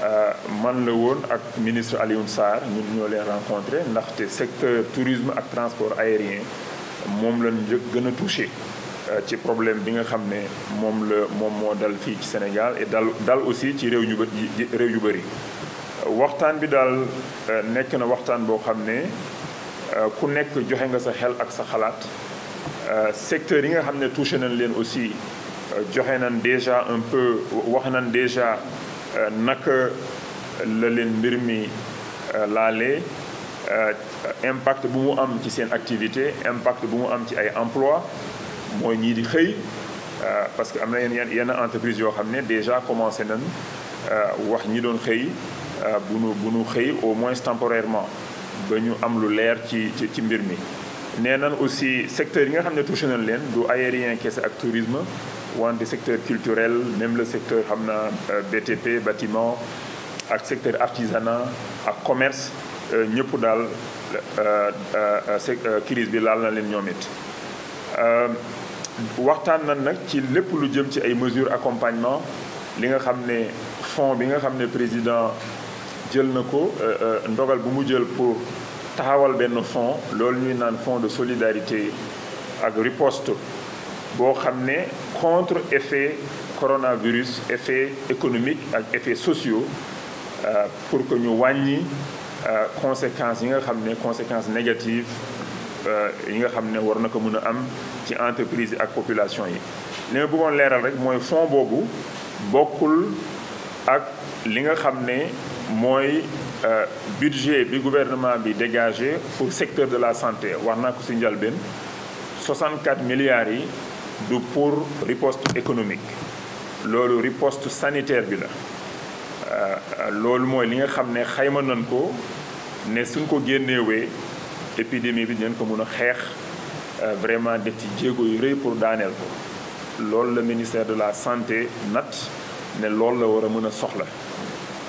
Euh, man la won ak ministre Alioune Sarr ñun ñoo rencontrer rencontré té secteur tourisme ak transport aérien mom lañ gëna touché euh, ci problème bi nga xamné mom le mom mo dal fi ci Sénégal et dal dal aussi ci réew ñu bëri réew yu bëri waxtaan bi dal euh, nekk na waxtaan bo xamné ku nekk joxe nga sa xel ak sa xalaat secteur yi nga xamné touché nañ leen aussi joxé nañ déjà un peu wax nañ déjà euh, naka la leen mbir mi euh, laalee euh, impact bu mu am ci seen activité impact bu mu am ci ay emploi mooy ñii di xëy parce que am na yenn yenn entreprise yoo xam ne déjà commencé nañ wax ñi doon xëy bu nu bu nu xëy au moins temporairement ba ñu am lu leer ci ci mbir mi nee nañ aussi secteur yi nga xam ne touché nañ leen du aérien kese ak tourisme des secteur culturel même le secteur xam euh, BTP bâtiment ak secteur artisanat à commerce euh, ñëpp daal euh, crise bi laal na leen ñoom it waxtaan na nag ci lépp lu jëm ci ay mesures accompagnement li nga xam ne fonds bi nga ne président jël na ko ndogal bu mu jël pour taxawal ben fond, loolu ñuy naan de solidarité ak boo contre effet coronavirus effet économique et effet sociaux euh, pour que nous voyons euh, conséquences yi nga conséquences négatives euh, yi nga xam ne war les ko nous am ci entreprise population yi li ma bëggoon leeral rek fonds boobu beaucoup ak li nga xamné moy budget bi gouvernement bi dégagé pour secteur de la santé wax naa ci si 64 milliards yi du pour riposte économique lolu riposte sanitaire bi la euh, lolu moy li nga xamné ne xayma nañ ko né suñ ko génneewee épidémie bi ñen ko mëna a euh, vraiment def ci yu rëy pour daniel ko le ministère de la santé nat né lolu la wara mëna soxla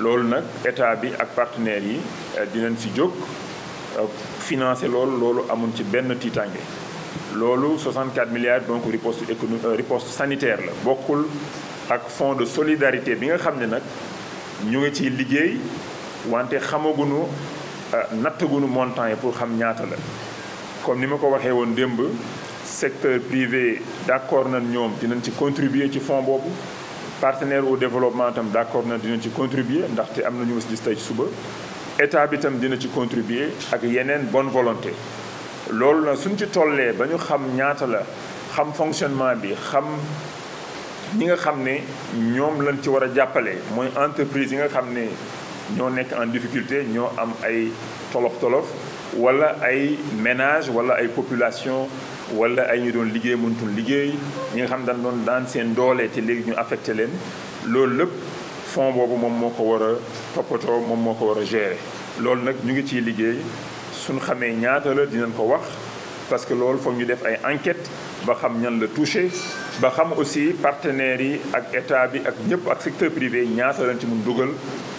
lolu nak état bi ak partenaire yi euh, dinañ ci jóg financer lolu lolu amuñ ci ben titangé loolu 64 milliards donc riposte économique euh, riposte sanitaire la bokkul ak fonds de solidarité bi nga xam ne nag ñu ngi ciy liggéey wante xamaguñu euh, nattagunu montant yi pour xam ñaata la comme ni ma ko waxee woon démb secteur privé d'accord na ñoom dinañ ci contribuer ci fonds boobu partenaire au développement tam d'accord n'a dinañ ci contribuer ndaxte am na ñu ngi gis tey suba état bi tam dina ci contribuer ak yeneen bonne volonté loolu nag suñ ci tollee ba xam ñaata la xam fonctionnement bi xam ñi nga xam ne ñoom lañ ci entreprise nga xam en difficulté ñoo am ay tolof tolof wala ay ménage wala ay population wala ay ñu doon liggéey liggéey ñi nga xam doon daan seen doole te léegi ñu affecté leen loolu lépp suñ xamee ñaata la dinañ ko wax parce que loolu foog ñu def ay enquête ba xam ñan la touché ba xam aussi partenaires yi ak état bi ak ñëpp ak secteur privé ñaata lañ ci mun dugal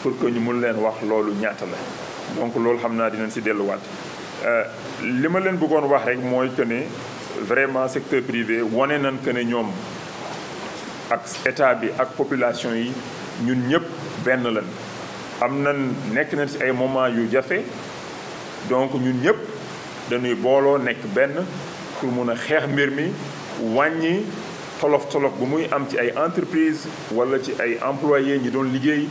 pour que ñu mun leen wax loolu ñaata la donc loolu xam naa dinañ si delluwaat euh, li ma leen bëggoon wax rek mooy que ne vraiment secteur privé wane nañ que ne ñoom ak état bi ak population yi ñun ñëpp benn lañ am nañ nekk nañ si ay moments yu jafe donc nous ñëpp dañuy bolo nek ben pour nous avons mbir tolof tolof bu muy am ci ay wala ci ay employés ñi doon liggéey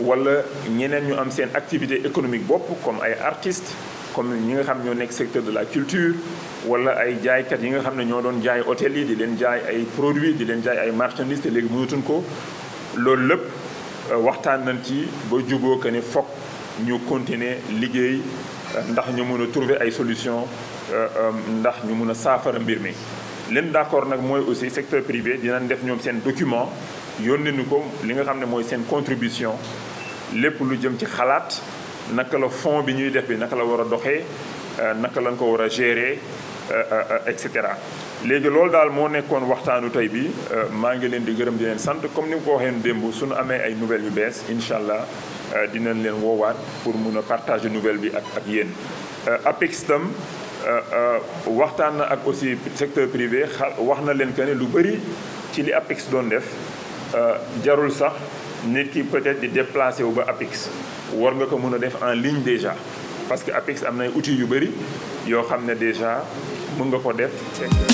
wala ñeneen ñu activité économique comme ay artistes comme ñi nga secteur de la culture wala ay kat yi nga xam ñoo hôtel produits di leen jaay ay marchandises légui ndax ñu mun a trouver ay solution euh, euh, ndax ñu mun a saafara mbir mi leen d'accord nag mooy aussi secteur privé dinañ def ñoom seen document yónnee ni ko li nga xam ne mooy seen contribution lépp lu jëm ci xalaat naka la fond bi ñuy def bi naka la war a doxee euh, naka lañ ko war a gérer et cetera léegi loolu daal moo nekkoon waxtaanu tey bi maa ngi leen di gërëm di leen sant comme ni ko waxee démb suñu amee ay nouvelles yu bees incha allah euh, dinañ leen woowaat pour mun a partager nouvelle bi ak ak yéen euh, APEX tam euh, waxtaan na ak aussi secteur privé wax na leen que ne lu bëri ci li APEX doon def jarul sax nit ki peut-être di déplacé wu ba APEX war nga ko mën a def en ligne déjà parce que APEX am outil ay yu bëri yoo xam ne déjà mën nga ko def.